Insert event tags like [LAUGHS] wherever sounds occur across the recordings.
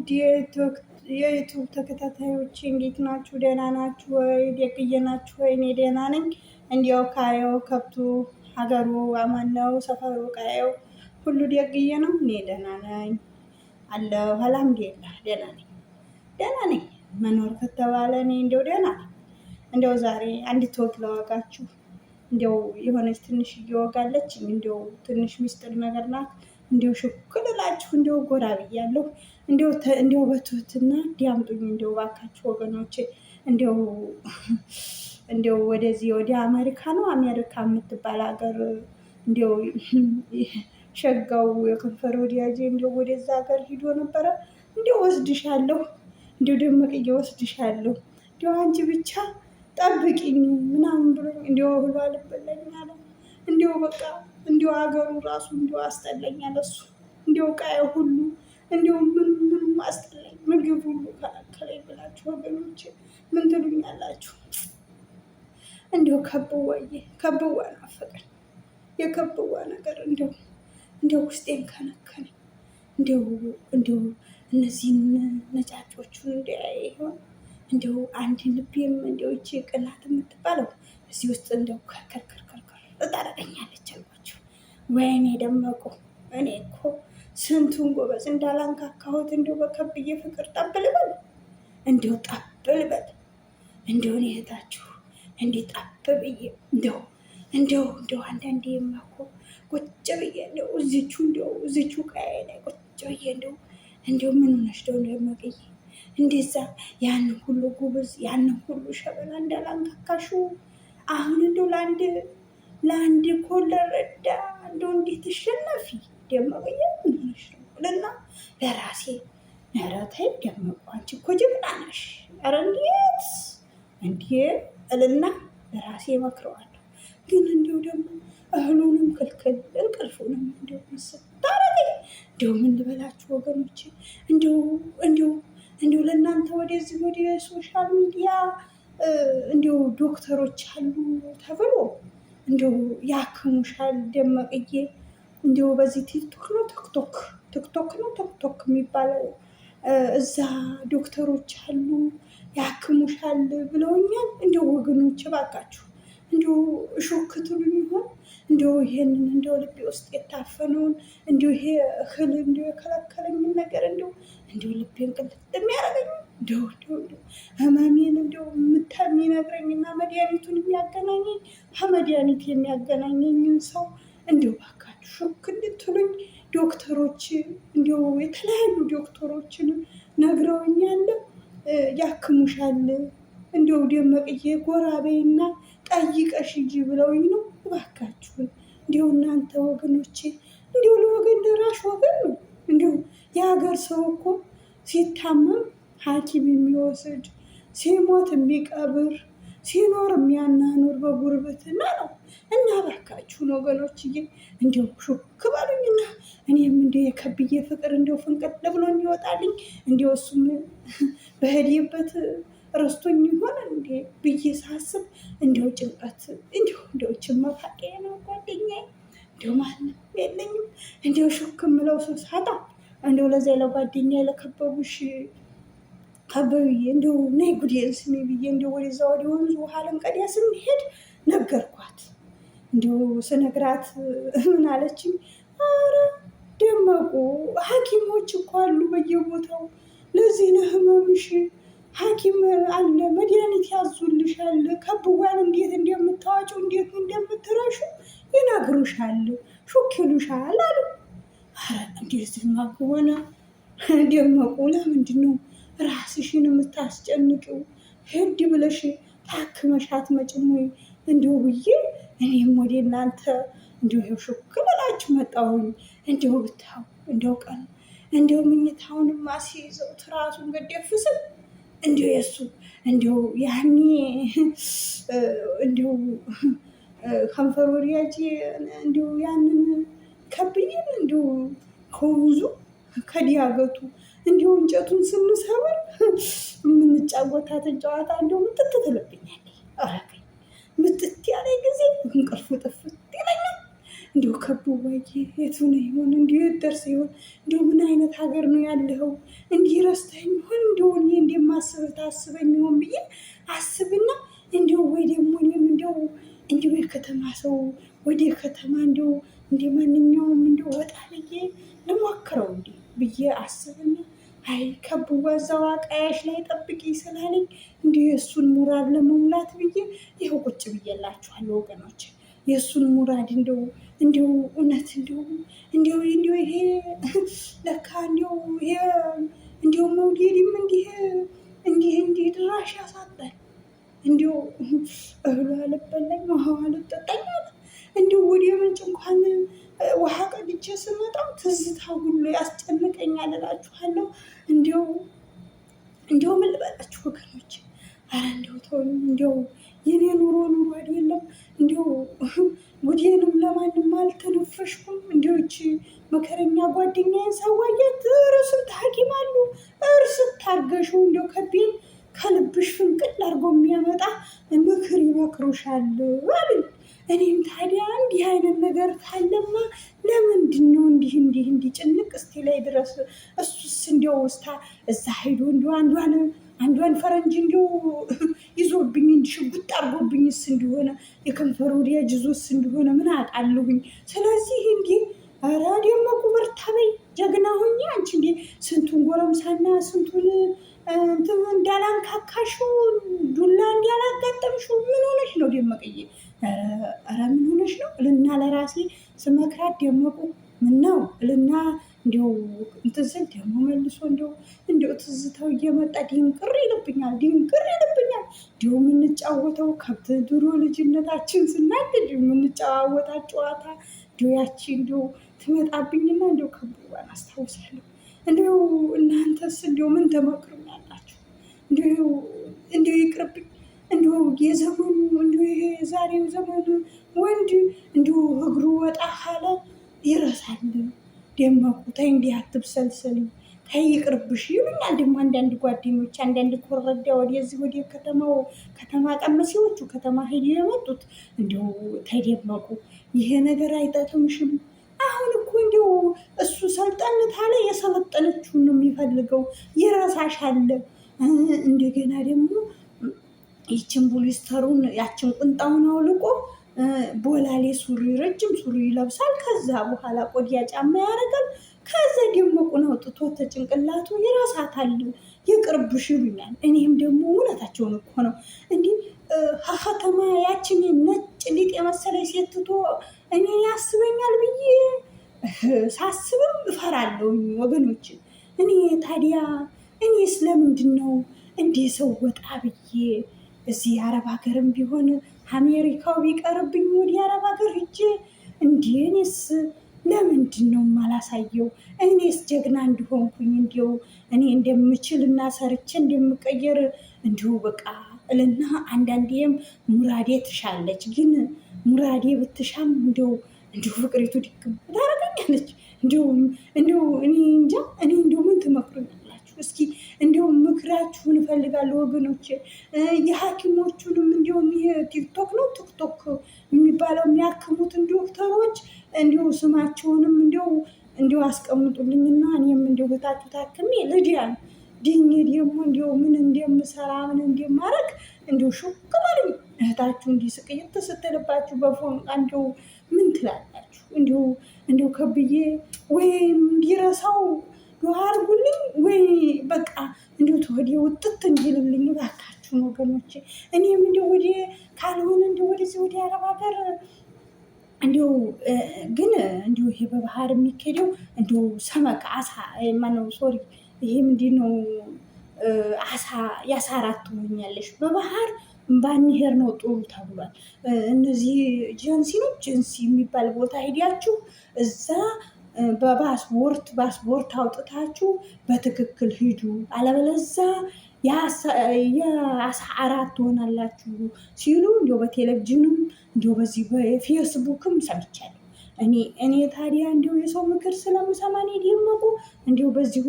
ውድ የዩቱብ ተከታታዮች እንዴት ናችሁ? ደህና ናችሁ ወይ? ደግዬ ናችሁ ወይ? እኔ ደህና ነኝ። እንዲያው ካየው ከብቱ ሀገሩ አማናው ሰፈሩ ቀየው ሁሉ ደግዬ ነው። እኔ ደህና ነኝ አለው። አልሐምዱሊላህ ደህና ነኝ፣ ደህና ነኝ። መኖር ከተባለ እኔ እንዲያው ደህና ነኝ። እንዲያው ዛሬ አንዲት ወቅ ለዋጋችሁ እንዲያው የሆነች ትንሽ እየወጋለች እንዲያው ትንሽ ሚስጥር ነገር ናት። እንዲያው ሽኩልላችሁ እንዲያው ጎራ ብያለሁ። እንዲው በትሁትና ዲያምጡኝ እንዲው ባካችሁ ወገኖቼ እንዲው [LAUGHS] እንዲው ወደዚህ ወደ አሜሪካ ነው አሜሪካ የምትባል ሀገር እንዲው [LAUGHS] ሸጋው የክንፈር ወዲያጄ እንዲው ወደዛ ሀገር ሂዶ ነበረ እንዲው ወስድሻለሁ እንዲው ደመቅዬ ወስድሻለሁ እንዲው አንቺ ብቻ ጠብቂኝ ምናምን ብሎኝ እንዲው እህሉ አልበላኝ እንዲው በቃ እንዲው ሀገሩ ራሱ እንዲው አስጠላኝ እሱ እንዲው ቃየ ሁሉ እንዲሁም ምን ምን ማስጠላኝ ምግብ ሁሉ ከላከለኝ ብላችሁ ወገኖች ምን ትሉኛላችሁ? እንዲሁ ከብዋዬ ከብዋ ናፈቀኝ። የከብዋ ነገር እንዲሁ እንዲሁ ውስጤን ከነከነ እንዲሁ እንዲሁ እነዚህን ነጫጮቹ እንዲያየ ይሆን እንዲሁ አንድ ልቤም እንዲሁ እቺ ቅናት የምትባለው እዚህ ውስጥ እንዲሁ ከርከርከርከር እጠረቀኛለች አልኳቸው። ወይኔ ደመቁ እኔ እኮ ስንቱን ጎበዝ እንዳላንካካሁት እንዲሁ በከብዬ ፍቅር ጠብልበል እንዲሁ ጠብልበል እንዲሁን ይህታችሁ እንዲ ጠብ ብዬ እንደው እንደው እንደው አንዳንዴ የማኮ ቁጭ ብዬ እንደው እዚቹ እንደው እዚቹ ቀያዬ ላይ ቁጭ ብዬ እንዲሁ እንዲሁ ምን ሆነሽ ደው የማገኝ እንደዛ ያን ሁሉ ጉብዝ ያን ሁሉ ሸበላ እንዳላንካካሹ አሁን እንዲሁ ለአንድ ለአንድ ኮለረዳ እንዲሁ እንዴት እሺ በራሴ ነረታይ ደመቋንች እኮ ጀግና ነሽ፣ ኧረ እንዴት እንዲህ እልና በራሴ እመክረዋለሁ። ግን እንዲሁ ደግሞ እህሉንም ክልክል እንቅልፉንም እንዲሁ ስታረገ እንዲሁ የምንበላችሁ ወገኖች እንዲሁ እንዲሁ እንዲሁ ለእናንተ ወደዚህ ወደ ሶሻል ሚዲያ እንዲሁ ዶክተሮች አሉ ተብሎ እንዲሁ ያክሙሻል። ደመቅዬ እንዲሁ በዚህ ቲክቶክ ነው ቲክቶክ ቲክቶክ ነው ቲክቶክ የሚባለው እዛ ዶክተሮች አሉ ያክሙሻል ብለውኛል። እንደው ወገኖች እባካችሁ እንደው እሾክ ትሉ ይሆን እንደው ይሄንን እንደው ልቤ ውስጥ የታፈነውን እንደው ይሄ እህል እንደው የከለከለኝን ነገር እንደው እንደው ልቤን ቅልጥ የሚያደርገኝ እንደው እንደው እንደው ህመሜን እንደው ምታ የሚነግረኝና መድኃኒቱን የሚያገናኘኝ ከመድኃኒት የሚያገናኘኝን ሰው እንደው እባካችሁ ሾክ እንድትሉኝ ዶክተሮች እንዲሁ የተለያዩ ዶክተሮችን ነግረውኛል። ያክሙሻል እንዲሁ ደመቅዬ ጎራ በይና ጠይቀሽ እንጂ ብለውኝ ነው። እባካችሁን እንዲሁ እናንተ ወገኖቼ እንዲሁ ለወገን ደራሽ ወገን ነው። እንዲሁ የሀገር ሰው እኮ ሲታመም ሐኪም የሚወስድ ሲሞት የሚቀብር ሲኖር የሚያናኑር በጉርብትና ነው። እና እባካችሁን ወገኖችዬ እንዲሁ ሹክ በሉኝና እኔም እንዲሁ የከብዬ ፍቅር እንዲሁ ፍንቅር ብሎ እንዲወጣልኝ እንዲሁ እሱም በሄድበት ረስቶኝ ይሆናል እንዲ ብዬ ሳስብ እንዲሁ ጭንቀት እንዲሁ እንዲሁ ችመፋቄ ነው ጓደኛ እንዲሁ ማንም የለኝም እንዲሁ ሹክ ምለው ሰው ሳጣ እንዲሁ ለዚያ ለጓደኛዬ ለከበቡሽ ከበብዬ እንዲሁ ነይ ጉዴን ስሜ ብዬ እንዲሁ ወደዛ ወደ ወንዙ ውሃ ለንቀዲያ ስንሄድ ነገ እንዲሁ ስነግራት ምን አለችኝ? ኧረ ደመቁ ሐኪሞች እኮ አሉ በየቦታው ለዚህ ለህመምሽ ሐኪም አለ መድኃኒት ያዙልሻል። ከብዋን እንዴት እንደምታዋጭው እንዴት እንደምትረሹ ይነግሩሻል፣ ሹክሉሻል ይሉሻል አሉ። እንዴት እንደዚህማ ከሆነ ደመቁ ለምንድን ነው ራስሽን የምታስጨንቂው? ሂድ ብለሽ ታክመሻት መጭሙ እንዲሁ ብዬ እኔም ወደ እናንተ እንዲሁ ሽክ ልላችሁ መጣሁኝ። እንዲሁ ብታው እንዲሁ ቀን እንዲሁ ምኝታውን ማስይዘው ትራሱን ገደፍስም እንዲሁ የሱ እንዲሁ ያኔ እንዲሁ ከንፈር ወዲያጅ እንዲሁ ያንን ከብይን እንዲሁ ከወንዙ ከዲያገቱ እንዲሁ እንጨቱን ስንሰብር የምንጫወታትን ጨዋታ እንዲሁ ምጥት ትልብኛል። ምትት ያለ ጊዜ እንቅልፉ ጥፍት ይለኛል። እንዲሁ ከቦ ባየ የቱ ነው ይሆን? እንዲሁ ደርስ ይሆን? እንዲሁ ምን አይነት ሀገር ነው ያለኸው? እንዲህ ረስተኝ ይሆን? እንዲሁ እኔ እንደማስብህ ታስበኝ ይሆን ብዬ አስብና እንዲሁ ወይ ደግሞ እኔም እንዲሁ እንዲሁ የከተማ ሰው ወደ ከተማ እንዲሁ እንደ ማንኛውም እንዲሁ ወጣ ብዬ ልሞክረው እንዲ ብዬ አስብና አይ ከብዋ እዛው አቃያሽ ላይ ጠብቂ ስላለኝ እንዲሁ የእሱን ሙራድ ለመሙላት ብዬ ይኸው ቁጭ ብዬላችኋለሁ ወገኖች። የእሱን ሙራድ እንዲሁ እንዲሁ እውነት እንዲሁ እንዲሁ እንዲሁ ይሄ [LAUGHS] ለካ እንዲሁ ይሄ እንዲው መውሊድም እንዲህ እንዲህ እንዲህ ድራሽ ያሳጣል። እንዲሁ እህሉ አልበላኝ ውሃ አልጠጣኝ አለ። እንዲው ወደ ምንጭ እንኳን ውሃ ቀድቼ ስመጣው ትዝታ ሁሉ ያስጨንቀኛል እላችኋለሁ። እንዲሁ እንዲሁ ምን ልበላችሁ ወገኖች ኧረ እንደው ተወኝ፣ እንደው የኔ ኑሮ ኑሮ አይደለም፣ እንደው ጉዴንም ለማንም አልተነፈሽኩም። እንደው መከረኛ ጓደኛዬን ሳዋያት ኧረ ስንት ሐኪም አሉ ኧረ ስታርገሹ እንደው ከቤን ከልብሽ ፍንቅል አድርጎ የሚያመጣ ምክር ይመክሩሻል አሉኝ። እኔም ታዲያ እንዲህ አይነት ነገር ካለማ ለምንድን ነው እንዲህ እንዲህ እንዲህ ጭንቅ እስቲ ላይ ድረስ እሱስ እንዲያው ውስታ እዛ ሄዶ እንዲ አንዷን አንዷን ፈረንጅ እንዲሁ ይዞብኝ ሽጉጥ አድርጎብኝስ እንዲሆነ የከንፈር ወዲያጅ ይዞስ እንዲሆነ ምን አውቃለሁኝ። ስለዚህ እንዲህ ኧረ ደመቁ በርታ በይ ጀግና ሆኜ አንቺ እንዲ ስንቱን ጎረምሳና ስንቱን እንትን ዱላ እንዳላጋጠምሽው ምን ሆነሽ ነው ደመቅዬ? ኧረ ምን ሆነሽ ነው እልና ለራሴ ስመክራት ደመቁ ምን ነው እልና እንዲሁ እንትዝል ደግሞ መልሶ እንዲሁ እንዲሁ ትዝታው እየመጣ ድንቅር ይልብኛል፣ ድንቅር ይልብኛል። እንዲሁ የምንጫወተው ከብት ድሮ ልጅነታችን ስናድድ የምንጫዋወታ ጨዋታ እንዲሁ ያቺ እንዲሁ ትመጣብኝና እንዲሁ ከብዋን አስታውሳለሁ። እንዲሁ እናንተስ እንዲሁ ምን ተመክሩኛላችሁ? እንዲሁ እንዲሁ ይቅርብኝ እንዲሁ የዘመኑ እንዲሁ ይሄ የዛሬው ዘመኑ ወንድ እንዲሁ እግሩ ወጣ ካለ ይረሳል። ደመቁ ተይ እንዲህ አትብሰልሰል ተይ ይቅርብሽ ይሉኛል። ደግሞ አንዳንድ ጓደኞች አንዳንድ ኮረዳ ወደዚህ ወደ ከተማው ከተማ ቀመሴዎቹ ከተማ ሄድ የመጡት እንዲሁ ተይ ደመቁ ይሄ ነገር አይጠቅምሽም። አሁን እኮ እንዲሁ እሱ ሰልጠንት አለ የሰለጠነችውን ነው የሚፈልገው። ይረሳሽ አለ እንደገና ደግሞ ይችን ቡሊስተሩን ያችን ቁንጣውን አውልቆ ቦላሌ ሱሪ ረጅም ሱሪ ይለብሳል። ከዛ በኋላ ቆዲያ ጫማ ያደርጋል። ከዛ ደግሞ ቁን አውጥቶ ተጭንቅላቱ ይራሳታል። ይቅርብሽ ይሉኛል። እኔም ደግሞ እውነታቸውን እኮ ነው እንዲህ ከተማ ያችን ነጭ ሊጥ የመሰለ ሴት ትቶ እኔ ያስበኛል ብዬ ሳስብም እፈራለሁ ወገኖች። እኔ ታዲያ እኔ ስለምንድን ነው እንዲህ ሰው ወጣ ብዬ እዚህ አረብ ሀገርም ቢሆን አሜሪካው ቢቀርብኝ ወደ አረብ ሀገር ሂጄ እንዲ እኔስ ለምንድን ነው የማላሳየው? እኔስ ጀግና እንዲሆንኩኝ እንዲው እኔ እንደምችል እና ሰርቼ እንደምቀየር እንዲሁ በቃ እልና አንዳንዴም ሙራዴ ትሻለች። ግን ሙራዴ ብትሻም እንዲው እንዲሁ ፍቅሪቱ ድክም ታረገኛለች። እንዲሁ እኔ እንጃ እኔ እንዲሁ ምን ትመክሩኛላችሁ እስኪ? ምክራችሁን እፈልጋለሁ ወገኖች፣ የሐኪሞቹንም እንዲሁም ይህ ቲክቶክ ነው ቲክቶክ የሚባለው የሚያክሙትን ዶክተሮች እንዲሁ ስማቸውንም እንዲሁ እንዲሁ አስቀምጡልኝና እኔም እንዲሁ በታችሁ ታክሜ ልጅ ድኝ ደግሞ እንዲሁ ምን እንደምሰራ ምን እንደማረግ እንዲሁ ሹክባል እህታችሁ እንዲህ ስቅይት ስትልባችሁ በፎንቃ እንዲሁ ምን ትላላችሁ? እንዲሁ እንዲሁ ከብዬ ወይም እንዲረሳው ዱዓ አድርጉልኝ ወይ በቃ እንዲሁ ተወዲ ውጥት እንዲልልኝ እባካችሁን ወገኖቼ። እኔም እንዲ ወዲ ካልሆን እንዲ ወደዚህ ወደ አረብ ሀገር እንዲሁ ግን እንዲሁ ይሄ በባህር የሚካሄደው እንዲሁ ሰመቅ አሳ ማነው ሶሪ ይሄ ምንድን ነው አሳ ያሳራት አራት ትሆኛለሽ በባህር ባንሄድ ነው ጥሩ ተብሏል። እነዚህ ጀንሲ ነው ጀንሲ የሚባል ቦታ ሄዳችሁ እዛ በፓስፖርት ፓስፖርት አውጥታችሁ በትክክል ሂዱ። አለበለዛ የአስራ አራት ትሆናላችሁ ሲሉ እንዲ በቴሌቪዥንም እንዲ በዚህ በፌስቡክም ሰምቻለሁ። እኔ እኔ ታዲያ እንዲሁ የሰው ምክር ስለምሰማ እኔ ደመቁ እንዲሁ በዚሁ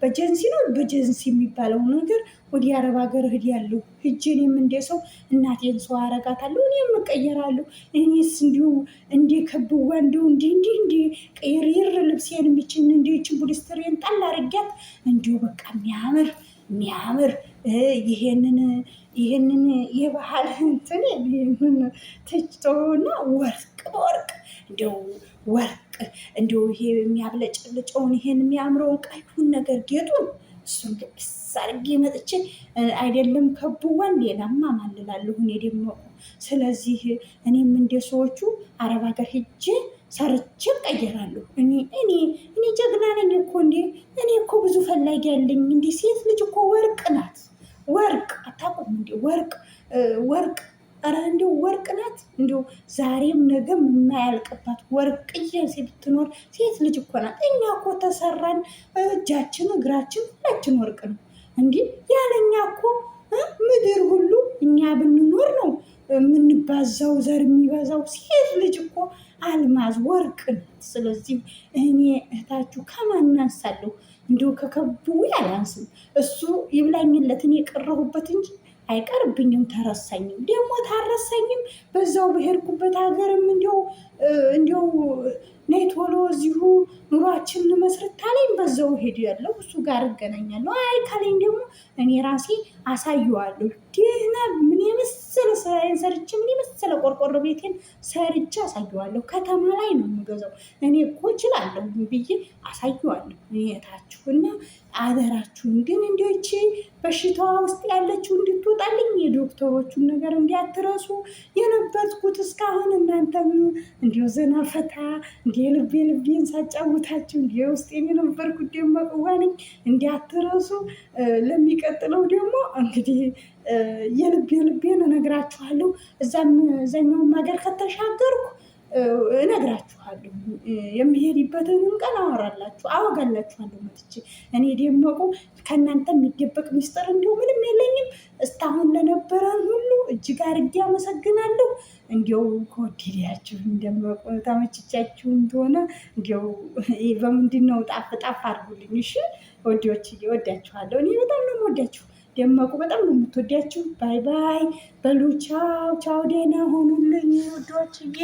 በጀንሲ ነው በጀንሲ የሚባለው ነገር ወደ አረብ ሀገር እህድ ያለው ሂጄ እኔም እንደ ሰው እናቴን ሰው አረጋታለሁ እኔም እቀየራለሁ። እኔስ እንዲሁ እንደ ከብዋ እንዲሁ እንዲህ እንዲህ እንዲህ ቅይርይር ልብሴን የሚችን ችን ቡድስትሬን ጣል አድርጊያት እንዲሁ በቃ የሚያምር የሚያምር ይሄንን ይሄንን የባህል እንትን ትጭቶና ወርቅ በወርቅ እንዲው ወርቅ እንዲው ይሄ የሚያብለጨልጨውን ይሄን የሚያምረውን ቀይሁን ነገር ጌጡን እሱን ልብስ መጥቼ አይደለም ከቡወን ሌላማ ማልላለሁ እኔ ደመቁ። ስለዚህ እኔም እንደ ሰዎቹ አረብ ሀገር ሄጄ ሰርቼ እቀየራለሁ። እኔ እኔ እኔ ጀግና ነኝ እኮ እንዴ! እኔ እኮ ብዙ ፈላጊ ያለኝ እንዲ ሴት ልጅ እኮ ዛሬም ነገም የማያልቅባት ወርቅዬ ብትኖር ሴት ልጅ እኮ ናት። እኛ እኮ ተሰራን እጃችን እግራችን ሁላችን ወርቅ ነው። እንዲህ ያለኛ እኮ ምድር ሁሉ እኛ ብንኖር ነው የምንባዛው፣ ዘር የሚበዛው። ሴት ልጅ እኮ አልማዝ ወርቅ ናት። ስለዚህ እኔ እህታችሁ ከማን እንዲሁ ከከቡ አላንስም። እሱ ይብላኝለት እኔ የቀረሁበት እንጂ አይቀርብኝም ተረሰኝም ደግሞ ታረሰኝም በዛው ብሄድኩበት ሀገርም እንዲያው እንዲያው ነይ ቶሎ እዚሁ ኑሯችን እንመስርት ታለኝ። በዛው ሄድ ያለው እሱ ጋር እገናኛለሁ። አይ ካለኝ ደግሞ እኔ ራሴ አሳየዋለሁ። ደህና ምን የመሰለ ስራዬን ሰርቼ ምን የመሰለ ቆርቆሮ ቤቴን ሰርቼ አሳየዋለሁ። ከተማ ላይ ነው የምገዛው እኔ እኮ እችላለሁ ብዬ አሳየዋለሁ። እኔታችሁና አደራችሁን ግን እንዲች በሽታዋ ውስጥ ያለችው እንድትወጣልኝ የዶክተሮቹን ነገር እንዲያትረሱ የነበርኩ እስካሁን እናንተም እንዲ ዘና ፈታ እንዲ ልቤ ልቤን ሳጫውታችሁ እንዲ ውስጥ የሚነበር የነበርኩት ደመቅዋንኝ እንዲያትረሱ። ለሚቀጥለው ደግሞ እንግዲህ የልቤ ልቤን እነግራችኋለሁ። እዛም እዛኛውም ሀገር ከተሻገርኩ እነግራችኋለሁ። የሚሄድበትን ቀን አወራላችሁ አወጋላችኋለሁ መጥቼ። እኔ ደመቁ ከእናንተ የሚደበቅ ሚስጥር እንዲሁ ምንም የለኝም። እስካሁን ለነበረ ሁሉ እጅግ አድርጌ አመሰግናለሁ። እንዲው ከወደዳችሁ እንደመቁ ተመችቻችሁ እንደሆነ እንዲው በምንድን ነው ጣፍ ጣፍ አድርጉልኝ። እሺ ወዲዎች ወዳችኋለሁ። እኔ በጣም ነው ወዳችሁ ደመቁ በጣም ነው የምትወዳችሁ። ባይ ባይ በሉ። ቻው ቻው። ደህና ሆኑልኝ ወዶችዬ።